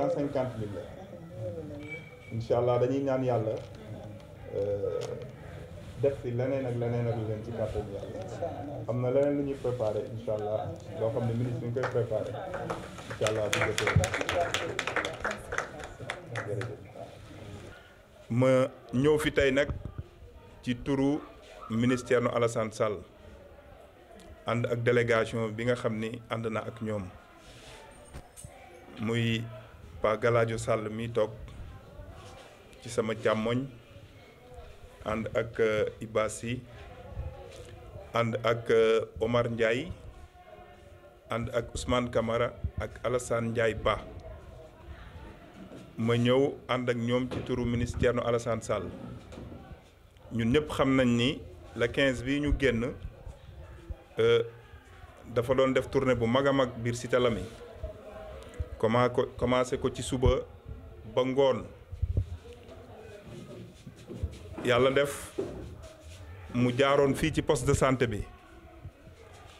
cent cinquante mille la allah dañuy ñaan yàlla euh, def si leneen ak leneen ak leneen ci kàttan yàlla xam na leneen lu ñuy préparé incha allah loo xam ne ministre ñu koy préparé incha allah bu jotee ma ñëw fi tey nag ci turu ministère nu Alassane Sall ànd ak délégation bi nga xam ni ànd na ak ñoom muy Pa Galadio Sall mi toog ci sama càmmoñ ànd ak eh, Iba ànd ak eh, Omar Ndiaye ànd ak Ousmane Camara ak Alassane Ndiaye Ba ma ñëw ànd ak ñoom ci turu ministre Thierno Alassane ñun ñëpp xam nañ ni la 15 bi ñu génn eh, dafa doon def tournée bu mag a mag biir Cité Lamy comment ko commencé ko ci suba ba ngoon yàlla def mu jaaroon fii ci poste de santé bi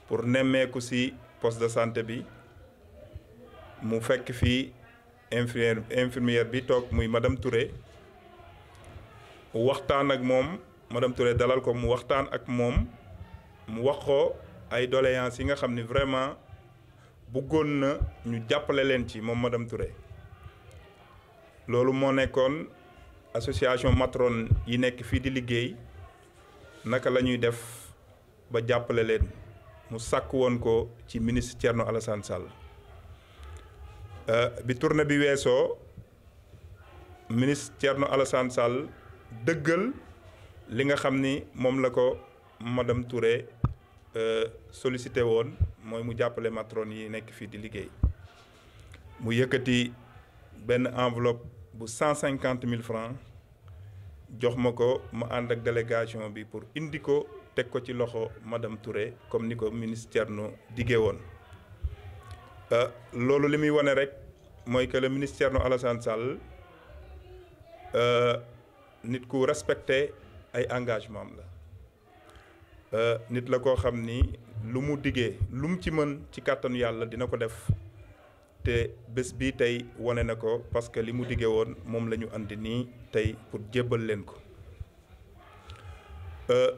pour nemmeeku si poste de santé bi mu fekk fii infirmière infirmière bi toog muy madame Touré waxtaan ak moom madame Touré dalal ko mu waxtaan ak moom mu wax ko ay doléances yi nga xam ni vraiment. buggoon na ñu jàppale leen ci moom madame ture loolu moo nekkoon association matron yi nekk fii di liggéey naka la ñuy def ba jàppale leen mu sàkk woon ko ci ministre Thierno Alassane Sall euh, bi tournée bi weesoo ministre Thierno Alassane Sall dëggal li nga xam ni moom la ko madame Touré euh, sollicité woon mooy mu jàppale matrone yi nekk fii di liggéey mu yëkkati benn enveloppe bu cent cinquante mille francs jox ma ko ma ànd ak délégation bi pour indi ko teg ko ci loxo madame Touré comme ni ko ministère nu diggee woon euh, loolu li muy wane rek mooy que le ministère nu Alassane Sall euh, nit ku respecté ay engagement am la euh, nit la koo xam ni lu mu diggee lu mu ci mën ci kàttanu yàlla dina ko def te bés bi tey wane na ko parce que li mu diggee woon moom la ñu andi nii tey pour jébbal leen ko euh,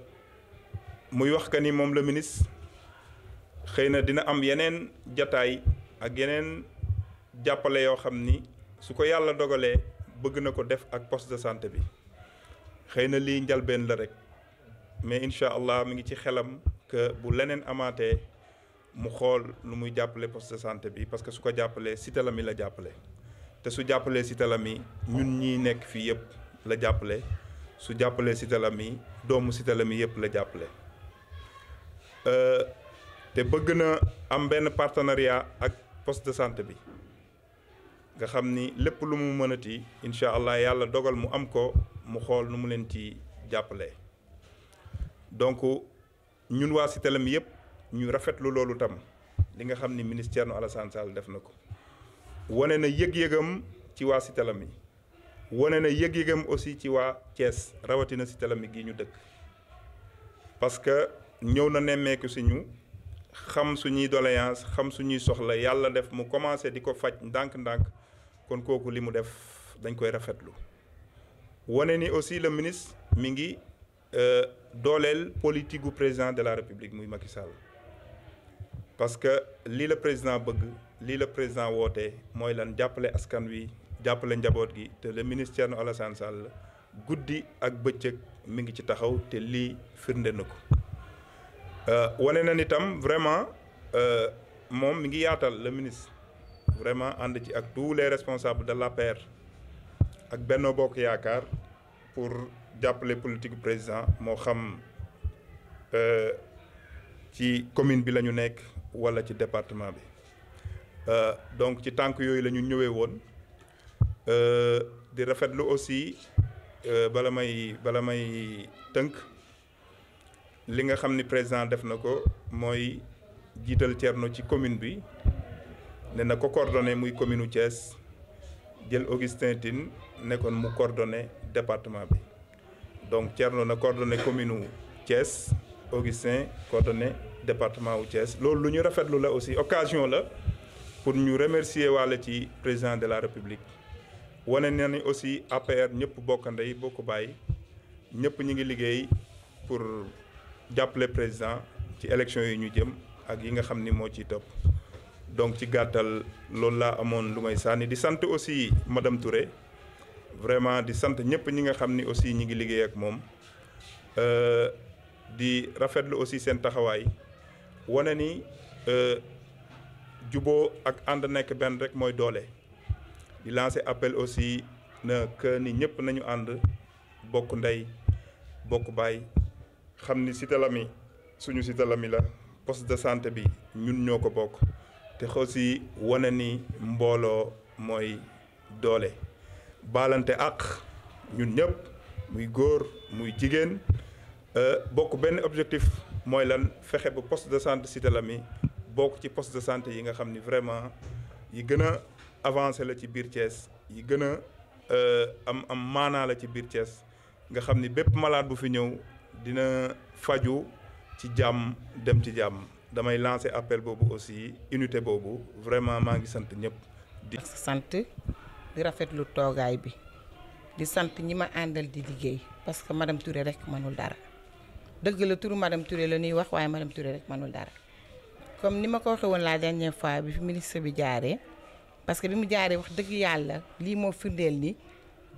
muy wax ka ni moom la ministre xëy na dina am yeneen jataay ak yeneen jàppale yoo xam ni su ko yàlla dogalee bëgg na ko def ak post de santé bi xëy na lii njalbeen la rek mais incha allah mu ngi ci xelam. que bu leneen amaate mu xool lu muy jàppale poste de santé bi parce que su ko jàppalee Cité Lamy la jàppale te su jàppalee Cité Lamy ñun ñii nekk fii yëpp la jàppale su jàppalee Cité doomu sitalami Lamy yëpp la jàppale euh, te bëgg na am benn partenariat ak poste de santé bi nga xam ni lépp lu mu mënati incha allah yàlla dogal mu am ko mu xool lu mu leen ci jàppale donc ñun waa Cité Lamy yëpp ñu rafetlu loolu tam li nga xam ni ministre Thierno Alassane Sall def na ko wane na yëg-yëgam ci waa Cité Lamy wane na yëg-yëgam aussi ci waa Thiès rawatina Cité Lamy gi ñu dëkk parce que ñëw na nemmeeku si ñu xam suñuy doléance xam su ñuy soxla yàlla def mu commencé di ko faj ndànk-ndànk kon kooku li mu def dañ koy rafetlu wane ni aussi le ministre mi ngi Euh, dooleel politique gu président de la république muy Macky Sall parce que lii la président bëgg lii la président woote mooy lan jàppale askan wi jàppale njaboot gi te le ministère nu Alassane Sall guddi ak bëccëg mi ngi ci taxaw te lii firnde na ko euh, wane na nitam vraiment euh, moom mi ngi yaatal le ministre vraiment ànd ci ak tous les responsables de la l'APR ak Benno Bokk Yaakaar pour. jàppale politique président moo xam euh, ci commune bi la ñu nekk wala ci département bi euh, donc ci tànk yooyu la ñu ñëwee woon euh, di rafetlu aussi bala may bala may tënk li nga xam ni président def na ko mooy jiital Thierno ci commune bi ne ko coordonné muy commune u Thiès jël Augustin Tine nekkoon mu coordonné département bi donc Thierno na coordonné commune wu Thiès Augustin coordonné département wu Thiès loolu lu ñu rafetlu la aussi occasion la pour ñu remercier wàlla ci président de la république wane na ni aussi APR ñëpp bokk ndey bokk bàyyi ñëpp ñu ngi liggéey pour jàppale président ci élection yi ñu jëm ak yi nga xam ni moo ciy topp donc ci gàttal loolu laa amoon lu may sànni di sant aussi madame Touré vraiment di sant ñëpp ñi nga xam ni aussi ñi ngi liggéey ak moom euh, di rafetlu aussi seen taxawaay wane ni euh, jubo ak ànd nekk benn rek mooy doole di lancé appel aussi na que ni ñëpp nañu ànd bokk ndey bokk baay xam ni Cité suñu Cité Lamy la poste de santé bi ñun ñoo ko bokk te aussi wane ni mbooloo mooy doole balante àq ñun ñëpp muy góor muy jigéen euh, bokk benn objectif mooy lan fexe ba poste de santé Cité Lamy bokk ci poste de santé yi nga xam ni vraiment yi gën a avancé la ci biir cees yi gën a euh, am am maanaa la ci biir Thiès nga xam ni bépp malaat bu fi ñëw dina faju ci jàmm dem ci jàmm damay lancer appel boobu aussi unité boobu vraiment maa ngi sant ñëpp di sant di rafetlu toogaay bi di sant ñi ma àndal di liggéey parce que madame Touré rek mënul dara dëgg la turu madame Touré la ñuy wax waaye madame Touré rek mënul dara comme ni ma ko waxee woon la dernière fois bi fi ministre bi jaaree parce que bi mu jaaree wax dëgg yàlla lii moo firndeel ni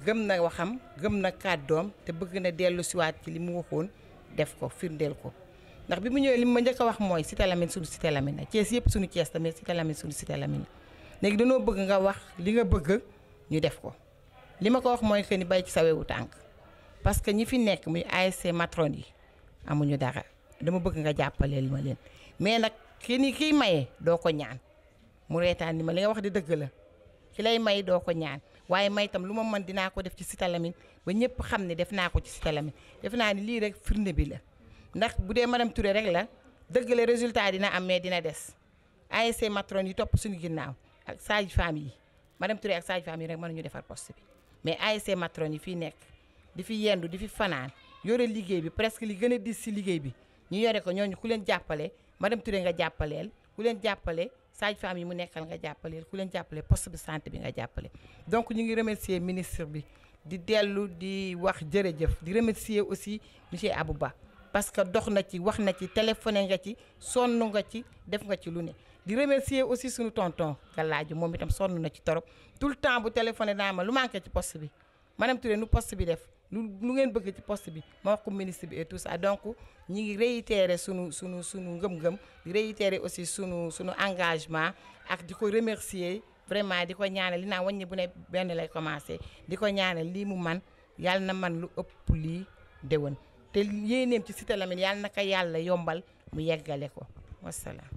gëm na waxam gëm na kàddoom te bëgg na dellu siwaat ci li mu waxoon def ko firndeel ko ndax bi mu ñëwee li ma njëkk wax mooy Cité Lamy suñu Cité Lamy na Thiès yëpp suñu Thiès tamit Cité Lamy suñu Cité Lamy na ñu def ko li ma ko wax mooy que ni bay ci sawewu tànk parce que ñi fi nekk muy ASC matron yi amuñu dara dama bëgg nga jàppaleel ma leen mais nag ki ni kiy maye doo ko ñaan mu reetaan ni ma li nga wax di dëgg la ki lay may doo ko ñaan waaye may itam lu ma mën dinaa ko def ci Cité ba ñëpp xam ne def naa ko ci Cité def naa ni lii rek firnde bi la ndax bu dee madame Touré rek la dëgg la résultat dina am mais dina des ASC matron yi topp suñu ginnaaw ak sage yi madame Touré ak sage-femme yi rek mënuñu defar poste bi mais ASC matrone yi fiy nekk di fi yendu di fi fanaan yore liggéey bi presque li gën a dis si liggéey bi ñu yore ko ñooñu ku leen jàppale madame Touré nga jàppaleel ku leen jàppale sage-femme yi mu nekkal nga jàppaleel ku leen jàppale poste de sant bi nga jàppale donc ñu ngi remercier ministre bi di dellu di wax jërëjëf di remercier aussi monsieur Abouba parce que dox na ci wax na ci téléphoné nga ci sonn nga ci def nga ci lu ne di remercier aussi suñu tonton Galaaju moom itam sonn na ci torop tout le temps bu téléphoné naa ma lu manqué ci poste bi madame Touré nu post bi def lu lu ngeen bëgg ci poste bi ma wax ko ministre bi et tout ça donc ñi ngi réitérer sunu sunu sunu ngëm-ngëm di réitérer aussi sunu sunu engagement ak di ko remercier vraiment di ko ñaanal li naa wàññi bu ne benn lay commencé di ko ñaanal lii mu man yàlla na man lu ëpp lii déwén te yéeneem ci Cité Lamy yàlla na ko yàlla yombal mu yeggale ko wasalaam